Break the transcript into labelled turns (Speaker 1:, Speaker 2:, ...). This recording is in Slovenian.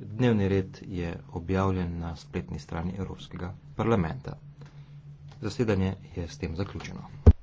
Speaker 1: Dnevni red je objavljen na spletni strani Evropskega parlamenta. Zasedanje je s tem zaključeno.